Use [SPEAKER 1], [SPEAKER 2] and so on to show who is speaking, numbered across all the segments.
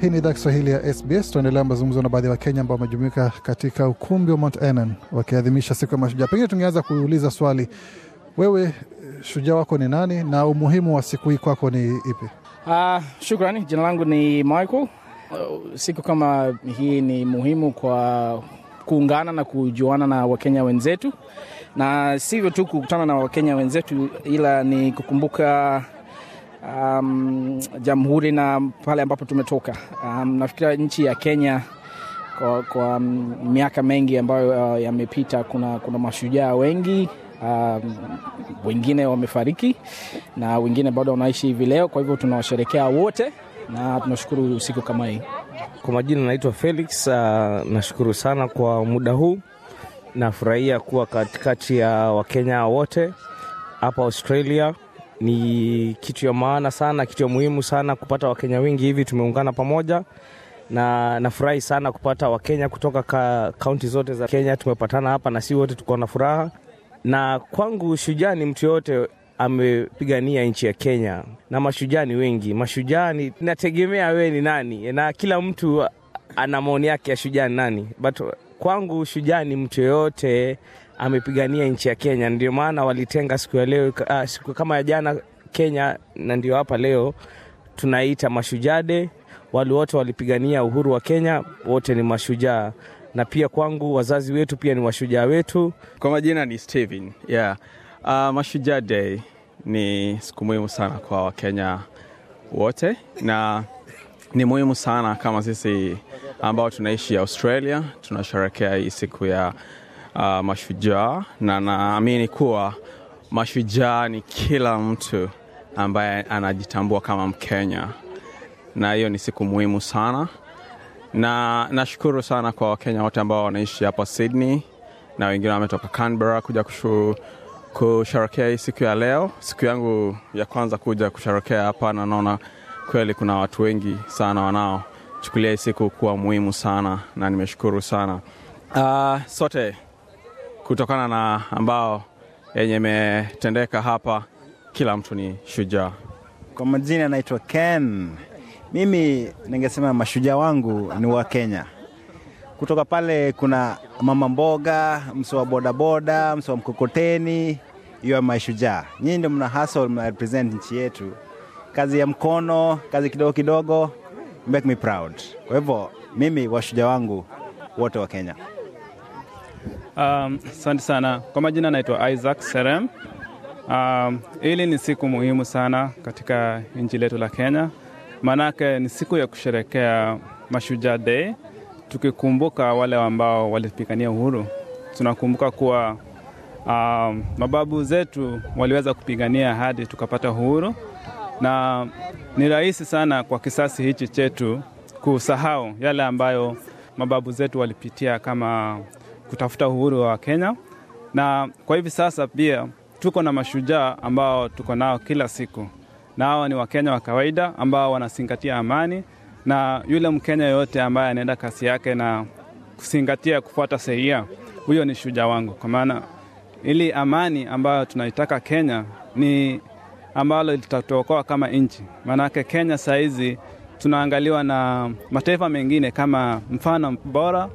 [SPEAKER 1] Hii ni idhaa Kiswahili ya SBS. tunaendelea mazungumzo na baadhi ya Wakenya ambao wamejumuika katika ukumbi wa Mount Enen wakiadhimisha siku ya mashujaa. Pengine tungeanza kuuliza swali, wewe shujaa wako ni nani na umuhimu wa siku hii kwako ni ipi?
[SPEAKER 2] Uh, shukrani. Jina langu ni Michael. Uh, siku kama hii ni muhimu kwa kuungana na kujuana na Wakenya wenzetu, na sivyo tu kukutana na Wakenya wenzetu, ila ni kukumbuka um, jamhuri na pale ambapo tumetoka. Um, nafikiria nchi ya Kenya kwa, kwa um, miaka mengi ambayo uh, yamepita, kuna, kuna mashujaa wengi um, wengine wamefariki na wengine bado wanaishi hivi leo. Kwa hivyo tunawasherekea wote na tunashukuru usiku kama hii.
[SPEAKER 3] Kwa majina naitwa Felix. Uh, nashukuru sana kwa muda huu, nafurahia kuwa katikati ya Wakenya wote hapa Australia ni kitu ya maana sana, kitu ya muhimu sana kupata Wakenya wengi hivi tumeungana pamoja, na nafurahi sana kupata Wakenya kutoka kaunti zote za Kenya. Tumepatana hapa na si wote tuko na furaha, na kwangu shujaa ni mtu yoyote amepigania nchi ya Kenya na mashujaa ni wengi. Mashujaa ni nategemea wewe ni nani, na kila mtu ana maoni yake ya shujaa ni nani, but kwangu shujaa ni mtu yoyote amepigania nchi ya Kenya. Ndio maana walitenga siku ya leo, uh, siku kama ya jana Kenya, na ndio hapa leo tunaita Mashujade. Wale wote walipigania uhuru wa Kenya, wote ni mashujaa na pia kwangu wazazi wetu pia ni washujaa wetu. Kwa
[SPEAKER 4] majina ni Steven. Yeah. Uh,
[SPEAKER 3] Mashujaa Day ni
[SPEAKER 4] siku muhimu sana kwa Wakenya wote na ni muhimu sana kama sisi ambao tunaishi Australia tunasherekea hii siku ya uh, mashujaa, na naamini kuwa mashujaa ni kila mtu ambaye anajitambua kama Mkenya, na hiyo ni siku muhimu sana, na nashukuru sana kwa Wakenya wote ambao wanaishi hapa Sydney na wengine wametoka Canberra kuja kushu, kusherekea hii siku ya leo, siku yangu ya kwanza kuja kusherekea hapa, na naona kweli kuna watu wengi sana wanaochukulia hii siku kuwa muhimu sana, na nimeshukuru sana uh, sote kutokana na ambao yenye imetendeka hapa, kila
[SPEAKER 5] mtu ni shujaa. Kwa majina anaitwa Ken. Mimi ningesema mashujaa wangu ni wa Kenya. Kutoka pale kuna mama mboga, mso wa bodaboda, mso wa mkokoteni, hiyo mashujaa. Nyinyi ndio mna hustle, mna represent nchi yetu, kazi ya mkono, kazi kidogo kidogo, make me proud. Kwa hivyo mimi washujaa wangu wote wa Kenya. Um, asante um, sana. Kwa majina naitwa Isaac Serem. Um, hili ni siku muhimu sana katika nchi letu la Kenya, maanake ni siku ya kusherekea Mashujaa Day, tukikumbuka wale ambao walipigania uhuru. Tunakumbuka kuwa um, mababu zetu waliweza kupigania hadi tukapata uhuru, na ni rahisi sana kwa kisasi hichi chetu kusahau yale ambayo mababu zetu walipitia kama kutafuta uhuru wa Wakenya, na kwa hivi sasa pia tuko na mashujaa ambao tuko nao kila siku, na hawa ni Wakenya wa kawaida ambao wanazingatia amani, na yule Mkenya yoyote ambaye anaenda kasi yake na kuzingatia kufuata sheria, huyo ni shujaa wangu, kwa maana ili amani ambayo tunaitaka Kenya ni ambalo litatuokoa kama nchi. Maanake Kenya saa hizi tunaangaliwa na mataifa mengine kama mfano bora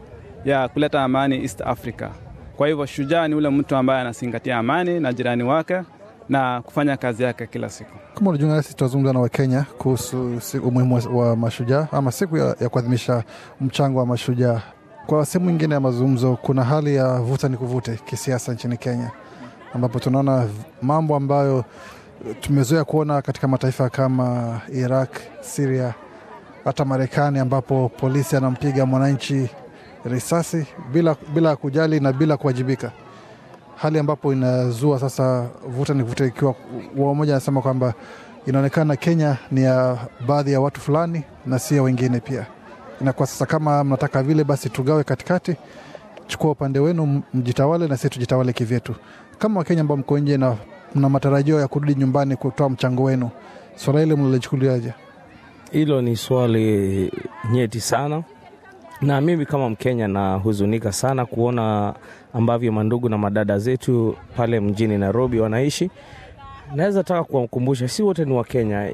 [SPEAKER 5] ya kuleta amani East Africa. Kwa hivyo shujaa ni ule mtu ambaye anazingatia amani na jirani wake na kufanya kazi yake kila siku.
[SPEAKER 1] Kama unajiunga nasi, tutazungumza na Wakenya kuhusu umuhimu wa mashujaa ama siku ya, ya kuadhimisha mchango wa mashujaa. Kwa sehemu nyingine ya mazungumzo, kuna hali ya vuta ni kuvute kisiasa nchini Kenya, ambapo tunaona mambo ambayo tumezoea kuona katika mataifa kama Iraq, Siria, hata Marekani, ambapo polisi anampiga mwananchi risasi bila, bila kujali na bila kuwajibika, hali ambapo inazua sasa vuta ni vuta, ikiwa mmoja anasema kwamba inaonekana Kenya ni ya baadhi ya watu fulani na si ya wengine. Pia inakuwa sasa, kama mnataka vile, basi tugawe katikati, chukua upande wenu, mjitawale na sisi tujitawale kivyetu. Kama Wakenya ambao mko nje na mna matarajio ya kurudi nyumbani kutoa mchango wenu, swala hili mlilichukuliaje?
[SPEAKER 3] Hilo ni swali nyeti sana na mimi kama Mkenya nahuzunika sana kuona ambavyo mandugu na madada zetu pale mjini Nairobi wanaishi. Naweza taka kuwakumbusha, si wote ni Wakenya.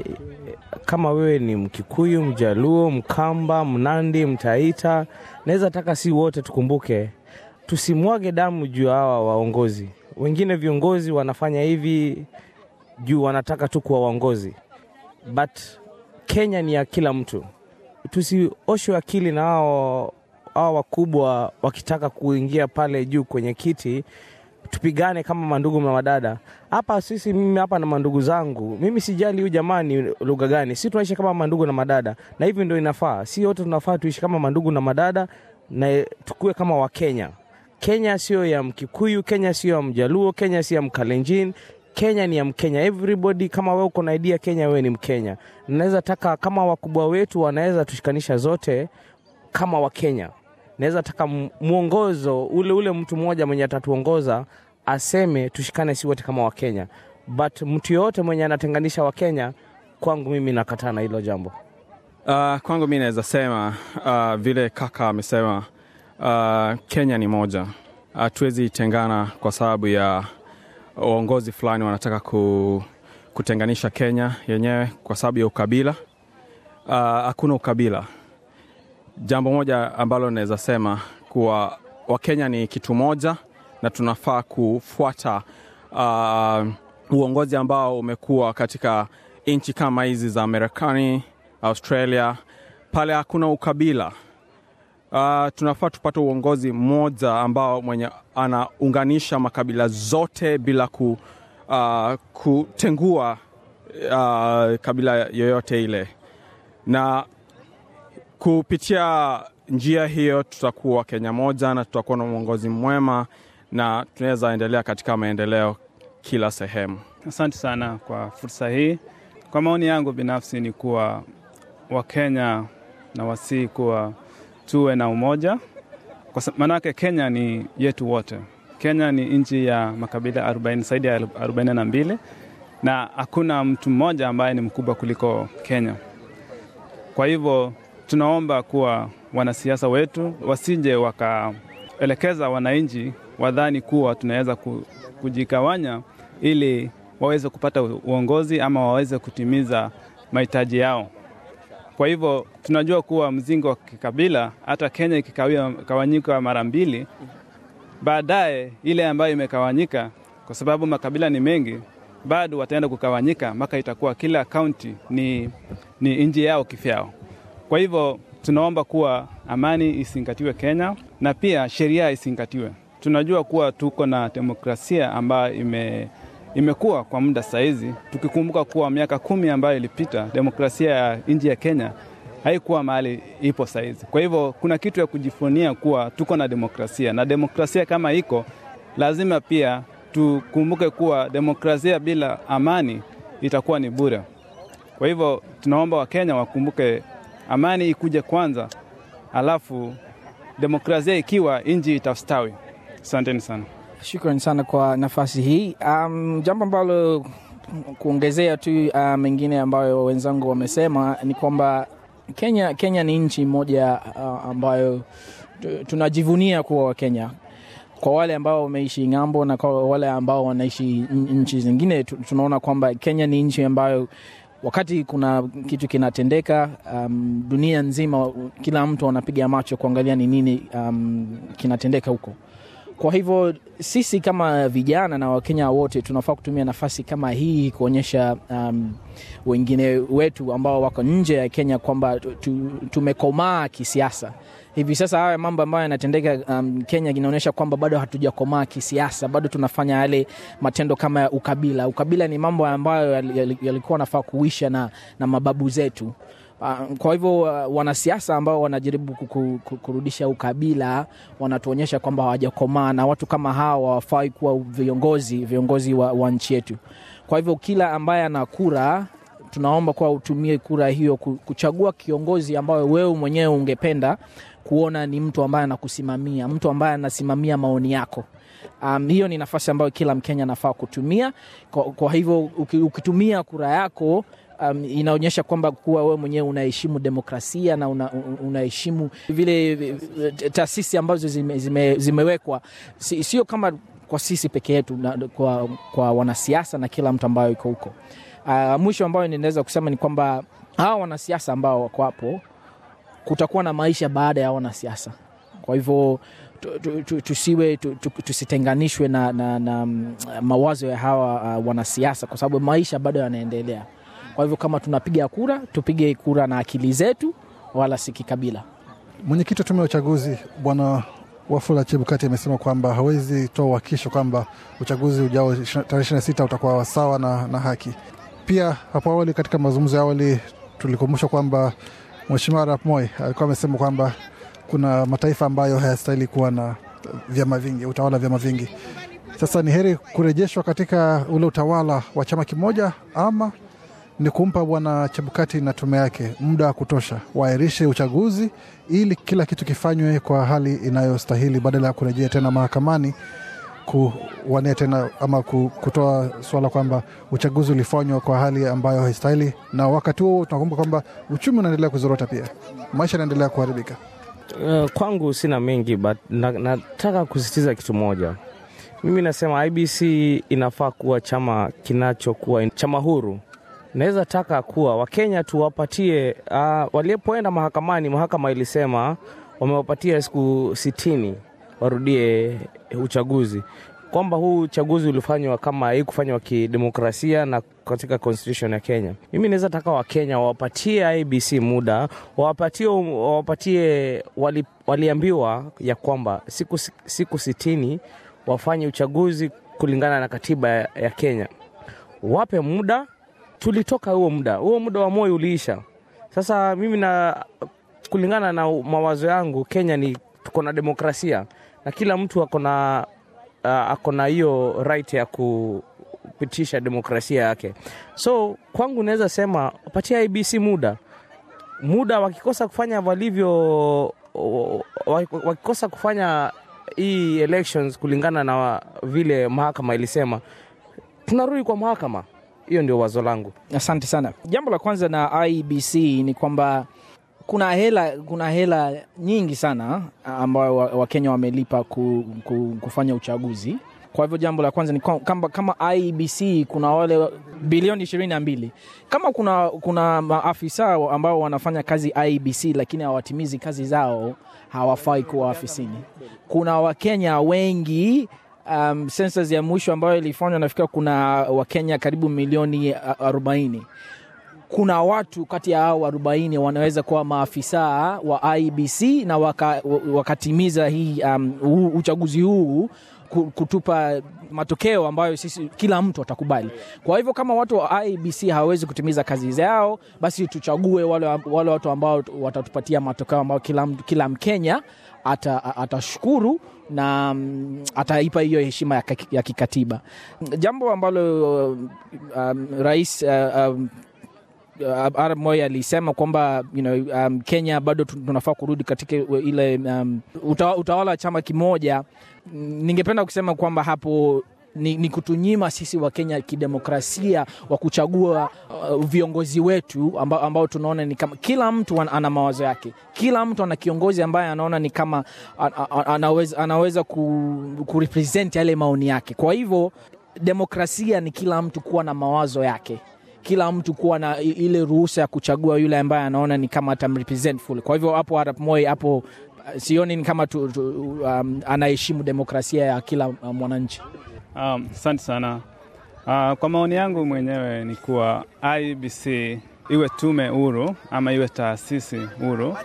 [SPEAKER 3] Kama wewe ni Mkikuyu, Mjaluo, Mkamba, Mnandi, Mtaita, naweza taka si wote tukumbuke, tusimwage damu juu hawa waongozi wengine. Viongozi wanafanya hivi juu wanataka tu kuwa waongozi, but Kenya ni ya kila mtu tusioshwe akili na hao hao wakubwa wakitaka kuingia pale juu kwenye kiti tupigane kama mandugu na madada hapa. Sisi mimi hapa na mandugu zangu, mimi sijali huyu jamani lugha gani, si tunaishi kama mandugu na madada, na hivi ndio inafaa. Si wote tunafaa tuishi kama mandugu na madada, na tukue kama Wakenya. Kenya sio ya Mkikuyu, Kenya sio ya Mjaluo, Kenya sio ya Mkalenjin, Kenya ni ya Mkenya, everybody. Kama wewe uko na idea Kenya, wewe ni Mkenya. Naweza taka kama wakubwa wetu wanaweza tushikanisha zote kama Wakenya, naweza taka mwongozo ule ule, mtu mmoja mwenye atatuongoza aseme tushikane si wote kama Wakenya, but mtu yoyote mwenye anatenganisha Wakenya, kwangu mimi nakataa na hilo jambo.
[SPEAKER 4] Uh, kwangu mi naweza sema uh, vile kaka amesema, uh, Kenya ni moja, hatuwezi uh, tengana kwa sababu ya waongozi fulani wanataka ku, kutenganisha Kenya yenyewe kwa sababu ya ukabila. Ah, hakuna uh, ukabila. Jambo moja ambalo naweza sema kuwa Wakenya ni kitu moja na tunafaa kufuata uh, uongozi ambao umekuwa katika nchi kama hizi za Marekani, Australia. Pale hakuna ukabila uh, tunafaa tupate uongozi mmoja ambao mwenye anaunganisha makabila zote bila ku, uh, kutengua uh, kabila yoyote ile, na kupitia njia hiyo tutakuwa Kenya moja na tutakuwa na uongozi mwema na tunaweza endelea katika maendeleo kila sehemu.
[SPEAKER 5] Asante sana kwa fursa hii. Kwa maoni yangu binafsi ni kuwa Wakenya na wasii kuwa tuwe na umoja, kwa maanake Kenya ni yetu wote. Kenya ni nchi ya makabila 40 zaidi ya 42 na hakuna mtu mmoja ambaye ni mkubwa kuliko Kenya. Kwa hivyo tunaomba kuwa wanasiasa wetu wasije wakaelekeza wananchi wadhani kuwa tunaweza kujigawanya ili waweze kupata uongozi ama waweze kutimiza mahitaji yao. Kwa hivyo tunajua kuwa mzingo wa kikabila, hata Kenya ikikawanyika mara mbili, baadaye ile ambayo imekawanyika, kwa sababu makabila ni mengi, bado wataenda kukawanyika mpaka itakuwa kila kaunti ni, ni nji yao kifyao. Kwa hivyo tunaomba kuwa amani isingatiwe Kenya na pia sheria isingatiwe. Tunajua kuwa tuko na demokrasia ambayo ime Imekuwa kwa muda saizi tukikumbuka kuwa miaka kumi ambayo ilipita demokrasia ya nchi ya Kenya haikuwa mahali ipo saizi. Kwa hivyo kuna kitu ya kujifunia kuwa tuko na demokrasia, na demokrasia kama iko lazima pia tukumbuke kuwa demokrasia bila amani itakuwa ni bure. Kwa hivyo tunaomba Wakenya wakumbuke amani ikuje kwanza, alafu demokrasia ikiwa, nchi itastawi. Asanteni sana
[SPEAKER 2] shukran sana kwa nafasi hii. Um, jambo ambalo kuongezea tu uh, mengine ambayo wenzangu wamesema ni kwamba Kenya, Kenya ni nchi moja uh, ambayo tunajivunia kuwa Wakenya kwa wale ambao wameishi ng'ambo na kwa wale ambao wanaishi nchi zingine, tunaona kwamba Kenya ni nchi ambayo wakati kuna kitu kinatendeka um, dunia nzima, kila mtu anapiga macho kuangalia ni nini um, kinatendeka huko. Kwa hivyo sisi kama vijana na Wakenya wote tunafaa kutumia nafasi kama hii kuonyesha um, wengine wetu ambao wako nje ya Kenya kwamba tumekomaa kisiasa. Hivi sasa haya mambo ambayo yanatendeka um, Kenya inaonyesha kwamba bado hatujakomaa kisiasa, bado tunafanya yale matendo kama ya ukabila. Ukabila ni mambo ambayo yalikuwa nafaa kuisha na, na mababu zetu. Ah, kwa hivyo uh, wanasiasa ambao wanajaribu kurudisha ukabila wanatuonyesha kwamba hawajakomaa, na watu kama hawa wawafai kuwa viongozi, viongozi wa, wa nchi yetu. Kwa hivyo kila ambaye ana kura tunaomba kuwa utumie kura hiyo kuchagua kiongozi ambayo wewe mwenyewe ungependa kuona ni mtu ambaye anakusimamia, mtu ambaye anasimamia maoni yako. Um, hiyo ni nafasi ambayo kila Mkenya anafaa kutumia. Kwa, kwa hivyo ukitumia kura yako um, inaonyesha kwamba kuwa wewe mwenyewe unaheshimu demokrasia na unaheshimu una vile eh, taasisi ambazo zime, zime, zimewekwa, sio kama kwa sisi peke yetu kwa, kwa wanasiasa na kila mtu ambayo iko huko. Uh, mwisho ambayo ninaweza kusema ni kwamba hawa wanasiasa ambao wako hapo, kutakuwa na maisha baada ya wanasiasa. Kwa hivyo tusiwe tusitenganishwe na, na, na mm, mawazo ya hawa uh, wanasiasa, kwa sababu maisha bado yanaendelea. Kwa hivyo kama tunapiga kura, tupige kura na akili zetu, wala si kikabila.
[SPEAKER 1] Mwenyekiti wa tume ya uchaguzi Bwana Wafula Chebukati amesema kwamba hawezi toa uhakikisho kwamba uchaguzi ujao tarehe 26 utakuwa sawa na, na haki. Pia hapo awali, katika mazungumzo ya awali, tulikumbushwa kwamba Mheshimiwa Arap Moi alikuwa amesema kwamba kuna mataifa ambayo hayastahili kuwa na vyama vingi, utawala vyama vingi. Sasa ni heri kurejeshwa katika ule utawala wa chama kimoja ama ni kumpa Bwana Chebukati na tume yake muda wa kutosha, waairishe uchaguzi ili kila kitu kifanywe kwa hali inayostahili, badala ya kurejea tena mahakamani kuwania tena ama kutoa suala kwamba uchaguzi ulifanywa kwa hali ambayo haistahili. Na wakati huo tunakumbuka kwamba uchumi unaendelea kuzorota, pia maisha yanaendelea kuharibika.
[SPEAKER 3] Uh, kwangu sina mengi but na, nataka kusisitiza kitu moja. Mimi nasema IBC inafaa kuwa chama kinachokuwa chama huru naweza taka kuwa Wakenya tuwapatie uh, walipoenda mahakamani, mahakama ilisema wamewapatia siku sitini warudie uchaguzi, kwamba huu uchaguzi ulifanywa kama kufanywa kidemokrasia na katika constitution ya Kenya. Mimi naweza taka Wakenya wawapatie IBC muda, wawapatie, um, wawapatie wali, waliambiwa ya kwamba siku, siku sitini wafanye uchaguzi kulingana na katiba ya Kenya, wape muda tulitoka huo muda, huo muda wa moyo uliisha. Sasa mimi na kulingana na mawazo yangu, Kenya ni tuko na demokrasia na kila mtu ako na uh, ako na hiyo right ya kupitisha demokrasia yake. So kwangu naweza sema patia IBC muda muda, wakikosa kufanya walivyo, wakikosa kufanya hii elections kulingana
[SPEAKER 2] na vile mahakama ilisema, tunarudi kwa mahakama. Hiyo ndio wazo langu. Asante sana. Jambo la kwanza na IBC ni kwamba kuna hela, kuna hela nyingi sana eh, ambayo Wakenya wamelipa ku, ku, kufanya uchaguzi. Kwa hivyo jambo la kwanza ni kama, kama IBC kuna wale bilioni ishirini na mbili kama kuna, kuna maafisa ambao wanafanya kazi IBC lakini hawatimizi kazi zao, hawafai kuwa afisini. Kuna Wakenya wengi um, ya mwisho ambayo ilifanywa nafikira kuna wakenya karibu milioni 40 uh, kuna watu kati ya hao 40 wanaweza kuwa maafisa wa IBC na waka, wakatimiza hii um, huu, uchaguzi huu kutupa matokeo ambayo sisi kila mtu atakubali. Kwa hivyo kama watu wa IBC hawawezi kutimiza kazi zao, basi tuchague wale, wale watu ambao watatupatia matokeo ambayo kila, kila Mkenya atashukuru ata na um, ataipa hiyo heshima ya, ya kikatiba, jambo ambalo um, rais uh, um, Arap uh, alisema kwamba you know, um, Kenya bado tunafaa kurudi katika ile um, utawala wa chama kimoja. Ningependa kusema kwamba hapo ni, ni kutunyima sisi Wakenya kidemokrasia wa kuchagua uh, viongozi wetu ambao, ambao tunaona ni kama kila mtu ana mawazo yake, kila mtu ana kiongozi ambaye anaona ni kama anaweza, anaweza kurepresent yale maoni yake. Kwa hivyo demokrasia ni kila mtu kuwa na mawazo yake kila mtu kuwa na ile ruhusa ya kuchagua yule ambaye anaona ni kama atamrepresent fully. Kwa hivyo hapo Arap Moi hapo sioni kama tu, tu, um, anaheshimu demokrasia ya kila uh, mwananchi.
[SPEAKER 5] Um, asante sana. Uh, kwa maoni yangu mwenyewe ni kuwa IBC iwe tume huru ama iwe taasisi huru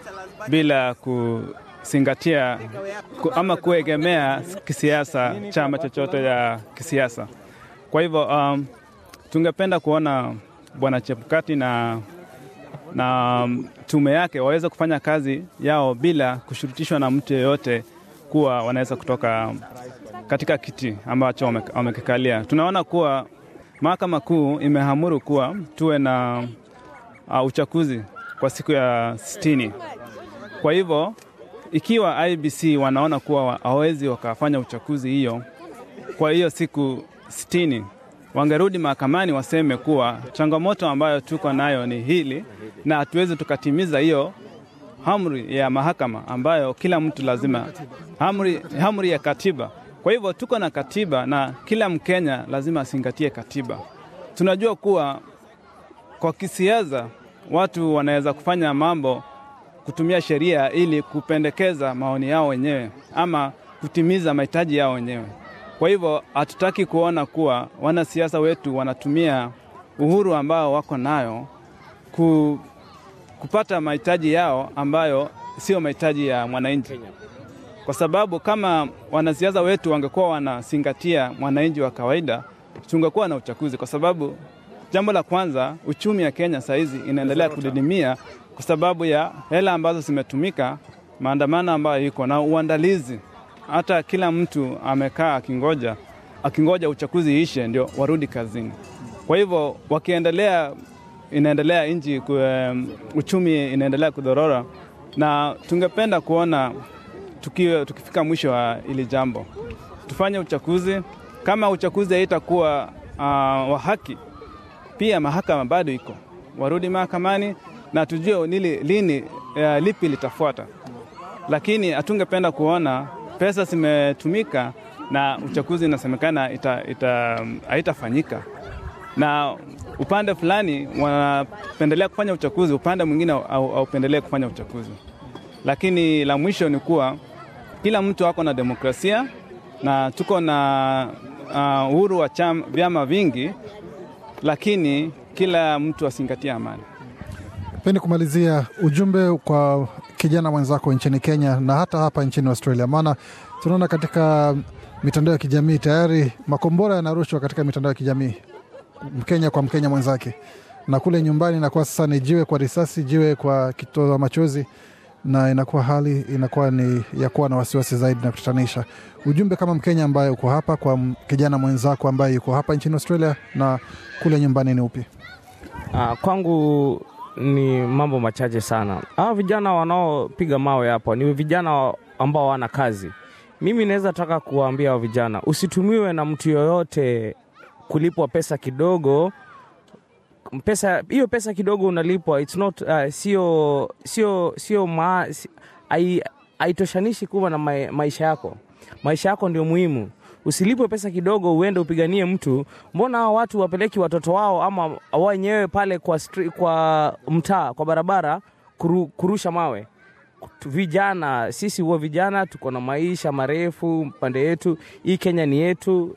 [SPEAKER 5] bila kuzingatia ku, ama kuegemea kisiasa chama chochote ya kisiasa. Kwa hivyo um, tungependa kuona Bwana chepukati na, na um, tume yake waweze kufanya kazi yao bila kushurutishwa na mtu yeyote kuwa wanaweza kutoka katika kiti ambacho wamekikalia. Tunaona kuwa mahakama kuu imeamuru kuwa tuwe na uh, uchaguzi kwa siku ya sitini. Kwa hivyo ikiwa IBC wanaona kuwa hawawezi wakafanya uchaguzi hiyo kwa hiyo siku sitini, wangerudi mahakamani waseme kuwa changamoto ambayo tuko nayo ni hili na hatuwezi tukatimiza hiyo amri ya mahakama ambayo kila mtu lazima amri, ya katiba. Kwa hivyo tuko na katiba na kila Mkenya lazima asingatie katiba. Tunajua kuwa kwa kisiasa watu wanaweza kufanya mambo kutumia sheria ili kupendekeza maoni yao wenyewe ama kutimiza mahitaji yao wenyewe. Kwa hivyo hatutaki kuona kuwa wanasiasa wetu wanatumia uhuru ambao wako nayo ku, kupata mahitaji yao ambayo sio mahitaji ya mwananchi, kwa sababu kama wanasiasa wetu wangekuwa wanasingatia mwananchi wa kawaida tungekuwa na uchaguzi, kwa sababu jambo la kwanza, uchumi ya Kenya saizi inaendelea kudidimia kwa sababu ya hela ambazo zimetumika, maandamano ambayo iko na uandalizi hata kila mtu amekaa akingoja akingoja uchaguzi ishe ndio warudi kazini. Kwa hivyo wakiendelea, inaendelea nchi uchumi inaendelea kudorora, na tungependa kuona tuki, tukifika mwisho wa hili jambo tufanye uchaguzi. Kama uchaguzi haitakuwa uh, wa haki, pia mahakama bado iko, warudi mahakamani na tujue nili, lini uh, lipi litafuata, lakini hatungependa kuona pesa zimetumika na uchaguzi inasemekana haitafanyika, ita, na upande fulani wanapendelea kufanya uchaguzi, upande mwingine haupendelee kufanya uchaguzi. Lakini la mwisho ni kuwa kila mtu ako na demokrasia na tuko na uh, uhuru wa cham, vyama vingi, lakini kila mtu asingatia amani.
[SPEAKER 1] Pende kumalizia ujumbe kwa kijana mwenzako nchini Kenya na hata hapa nchini Australia? Maana tunaona katika mitandao ya kijamii tayari makombora yanarushwa katika mitandao ya kijamii, Mkenya kwa Mkenya mwenzake, na kule nyumbani inakuwa sasa ni jiwe kwa risasi, jiwe kwa kitoa machozi, na inakuwa hali inakuwa ni ya kuwa na wasiwasi zaidi na kutatanisha. Ujumbe kama Mkenya ambaye uko hapa kwa kijana mwenzako ambaye yuko hapa nchini Australia na kule nyumbani ni upi?
[SPEAKER 3] Ah, kwangu ni mambo machache sana. Hawa vijana wanaopiga mawe hapo ni vijana ambao wana kazi. Mimi naweza taka kuwaambia wa vijana, usitumiwe na mtu yoyote kulipwa pesa kidogo. Pesa hiyo pesa kidogo unalipwa, it's not uh, sio sio sio ma, si, ai, kuwa na maisha yako. Maisha yako ndio muhimu usilipwe pesa kidogo uende upiganie mtu. Mbona hao watu wapeleki watoto wao ama wenyewe pale kwa, kwa mtaa kwa barabara kuru, kurusha mawe? Vijana sisi huo vijana tuko na maisha marefu pande yetu, hii Kenya ni yetu.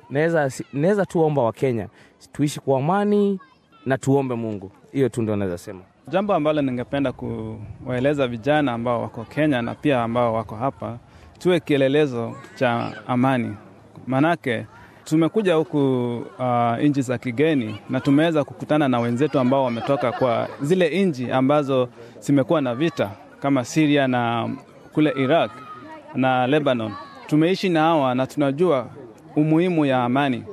[SPEAKER 3] Naweza tuomba Wakenya tuishi kwa amani na tuombe Mungu. Hiyo tu ndio naweza sema. Jambo ambalo ningependa kuwaeleza vijana ambao wako Kenya
[SPEAKER 5] na pia ambao wako hapa, tuwe kielelezo cha amani manake tumekuja huku uh, nchi za kigeni na tumeweza kukutana na wenzetu ambao wametoka kwa zile nchi ambazo zimekuwa na vita kama Syria na kule Iraq na Lebanon. Tumeishi na hawa na tunajua umuhimu ya amani.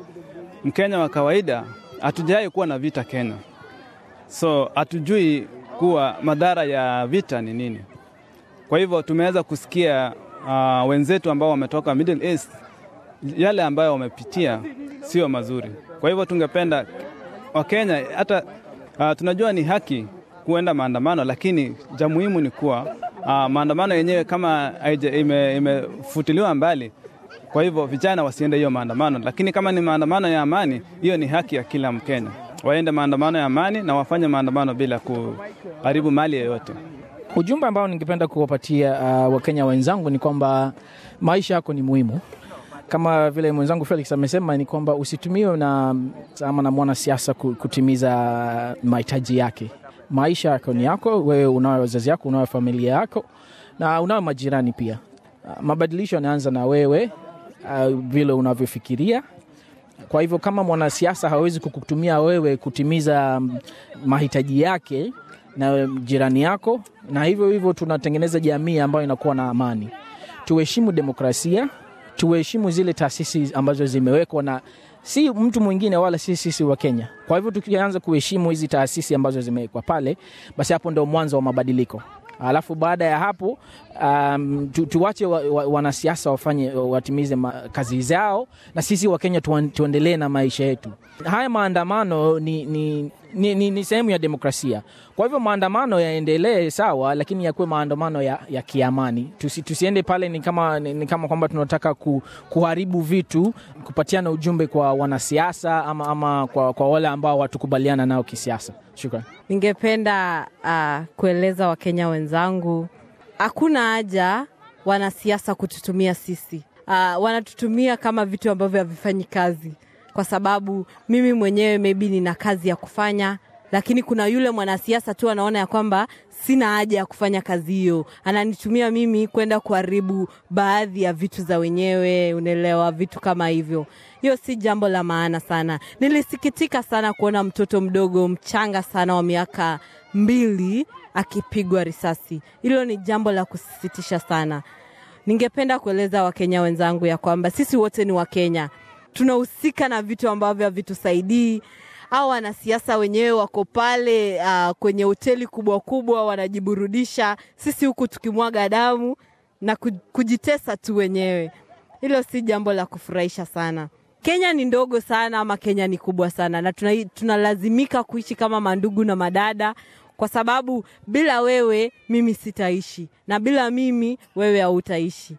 [SPEAKER 5] Mkenya wa kawaida hatujawai kuwa na vita Kenya, so hatujui kuwa madhara ya vita ni nini. Kwa hivyo tumeweza kusikia uh, wenzetu ambao wametoka Middle East yale ambayo wamepitia sio mazuri. Kwa hivyo tungependa Wakenya hata uh, tunajua ni haki kuenda maandamano, lakini cha muhimu ni kuwa uh, maandamano yenyewe kama imefutiliwa ime mbali. Kwa hivyo vijana wasiende hiyo maandamano, lakini kama ni maandamano ya amani, hiyo ni haki ya kila Mkenya. Waende maandamano ya amani na wafanye maandamano bila kuharibu mali yoyote.
[SPEAKER 2] Ujumbe ambao ningependa kuwapatia uh, Wakenya wenzangu ni kwamba maisha yako ni muhimu kama vile mwenzangu Felix amesema, ni kwamba usitumiwe na ama na mwanasiasa kutimiza mahitaji yake. Maisha yako ni yako wewe, unayo wazazi yako, unayo familia yako na unayo majirani pia. Ah, mabadilisho yanaanza na wewe, uh, vile unavyofikiria. Kwa hivyo kama mwanasiasa hawezi kukutumia wewe kutimiza mm, mahitaji yake na jirani yako, na hivyo hivyo tunatengeneza jamii ambayo inakuwa na amani. Tuheshimu demokrasia tuheshimu zile taasisi ambazo zimewekwa na si mtu mwingine wala si sisi wa Kenya. Kwa hivyo tukianza kuheshimu hizi taasisi ambazo zimewekwa pale, basi hapo ndio mwanzo wa mabadiliko. Alafu baada ya hapo um, tu, tuwache wa, wa, wanasiasa wafanye watimize ma, kazi zao na sisi Wakenya tuendelee na maisha yetu. Haya maandamano ni, ni ni, ni, ni sehemu ya demokrasia. Kwa hivyo maandamano yaendelee sawa, lakini yakuwe maandamano ya, ya kiamani. Tusi, tusiende pale ni kama, ni, ni kama kwamba tunataka ku, kuharibu vitu, kupatiana ujumbe kwa wanasiasa ama, ama kwa, kwa wale ambao watukubaliana nao kisiasa. Shukran.
[SPEAKER 6] Ningependa uh, kueleza Wakenya wenzangu, hakuna haja wanasiasa kututumia sisi. Uh, wanatutumia kama vitu ambavyo havifanyi kazi kwa sababu mimi mwenyewe maybe nina kazi ya kufanya lakini kuna yule mwanasiasa tu anaona ya kwamba sina haja ya kufanya kazi hiyo, ananitumia mimi kwenda kuharibu baadhi ya vitu za wenyewe, unaelewa, vitu kama hivyo. Hiyo si jambo la maana sana. Nilisikitika sana kuona mtoto mdogo mchanga sana wa miaka mbili akipigwa risasi. Hilo ni jambo la kusisitisha sana. Ningependa kueleza Wakenya wenzangu ya kwamba sisi wote ni Wakenya tunahusika na vitu ambavyo havitusaidii au wanasiasa wenyewe wako pale uh, kwenye hoteli kubwa kubwa wanajiburudisha, sisi huku tukimwaga damu na kujitesa tu wenyewe. Hilo si jambo la kufurahisha sana. Kenya ni ndogo sana ama Kenya ni kubwa sana, na tunalazimika kuishi kama mandugu na madada, kwa sababu bila wewe mimi sitaishi na bila mimi wewe hautaishi.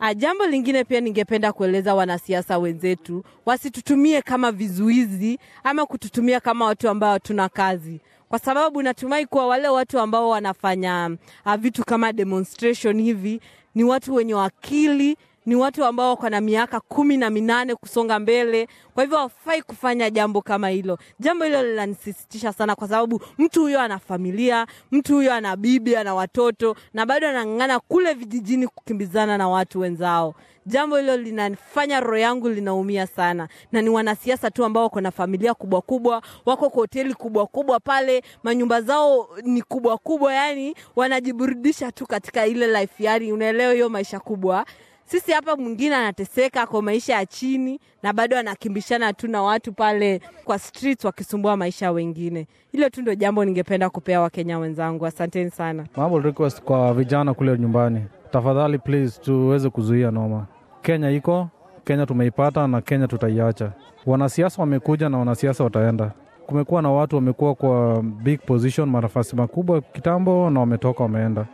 [SPEAKER 6] Ah, jambo lingine pia ningependa kueleza wanasiasa wenzetu wasitutumie kama vizuizi ama kututumia kama watu ambao hatuna kazi, kwa sababu natumai kuwa wale watu ambao wanafanya ah, vitu kama demonstration hivi ni watu wenye akili ni watu ambao wako na miaka kumi na minane kusonga mbele, kwa hivyo hawafai kufanya jambo kama hilo. Jambo hilo linanisisitisha sana, kwa sababu mtu huyo ana familia, mtu huyo ana bibi, ana watoto, na bado anang'ang'ana kule vijijini kukimbizana na watu wenzao. Jambo hilo linafanya roho yangu linaumia sana, na ni wanasiasa tu ambao wako na familia kubwa kubwa, wako kwa hoteli kubwa kubwa pale, manyumba zao ni kubwa kubwa, yani wanajiburudisha tu katika ile life, yani unaelewa hiyo maisha kubwa sisi hapa mwingine anateseka kwa maisha ya chini na bado anakimbishana tu na watu pale kwa streets wakisumbua maisha wengine. Hilo tu ndio jambo ningependa kupea Wakenya wenzangu. Asanteni sana.
[SPEAKER 7] Mambo request kwa vijana kule nyumbani, tafadhali please, tuweze kuzuia noma. Kenya iko Kenya, tumeipata na Kenya tutaiacha. Wanasiasa wamekuja na wanasiasa wataenda. Kumekuwa na watu wamekuwa kwa big position, marafasi makubwa kitambo, na wametoka wameenda,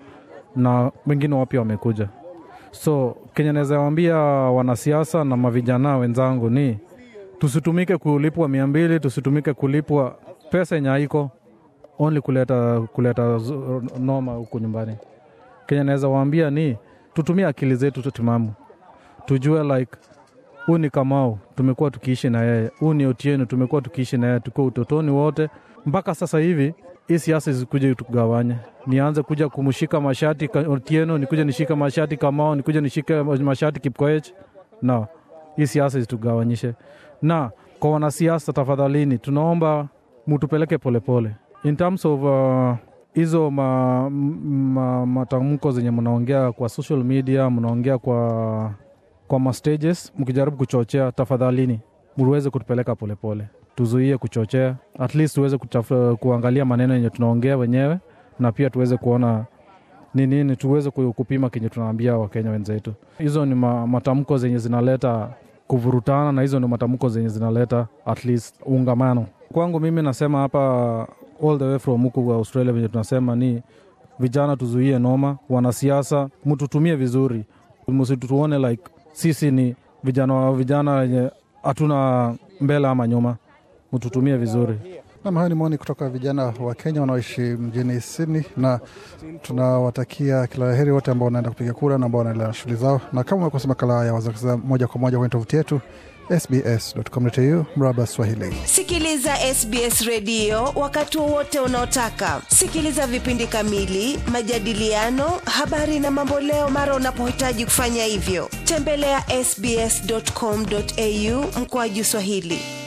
[SPEAKER 7] na wengine wapya wamekuja. So kenye naweza wanasiasa na mavijana wenzangu ni tusitumike kulipwa mia mbili, tusitumike kulipwa pesa yenye haiko only kuleta, kuleta noma huku nyumbani. Kenye naweza waambia ni tutumie akili zetu timamu, tujue like huu ni Kamau, tumekuwa tukiishi na yeye, huu ni Otieno, tumekuwa tukiishi na yeye tukiwa utotoni wote mpaka sasa hivi hii siasa zikuja kutugawanya. nianze kuja kumshika mashati Otieno, nikuja nishika mashati Kamao, nikuja nishika mashati Kipkoech. No, hii siasa zitugawanyishe. Na kwa wanasiasa, tafadhalini, tunaomba mutupeleke polepole in terms of uh, hizo uh, ma, ma, matamko zenye mnaongea kwa social media, mnaongea kwa, kwa mastages mkijaribu kuchochea, tafadhalini muweze kutupeleka polepole pole tuzuie kuchochea, at least tuweze kuangalia maneno yenye tunaongea wenyewe na pia tuweze kuona ni nini, tuweze kupima kenye tunaambia Wakenya wenzetu. Hizo ni matamko zenye zinaleta kuvurutana, na hizo ni matamko zenye zinaleta at least ungamano. Kwangu mimi nasema hapa all the way from huku wa Australia, venye tunasema ni vijana, tuzuie noma. Wanasiasa mtutumie vizuri, msituone like sisi ni vijana wa vijana wenye hatuna mbele ama nyuma mtutumie vizuri. Nam,
[SPEAKER 1] hayo ni maoni kutoka vijana wa Kenya wanaoishi mjini Sydney, na tunawatakia kila la heri wote ambao wanaenda kupiga kura na ambao wanaendelea na shughuli zao. Na kama umekosa makala ya wazakiza moja kwa moja kwenye tovuti yetu sbs.com.au mraba Swahili.
[SPEAKER 6] Sikiliza SBS redio wakati wowote unaotaka. Sikiliza vipindi kamili, majadiliano, habari na mamboleo mara unapohitaji kufanya hivyo. Tembelea sbs.com.au mkoaji Swahili.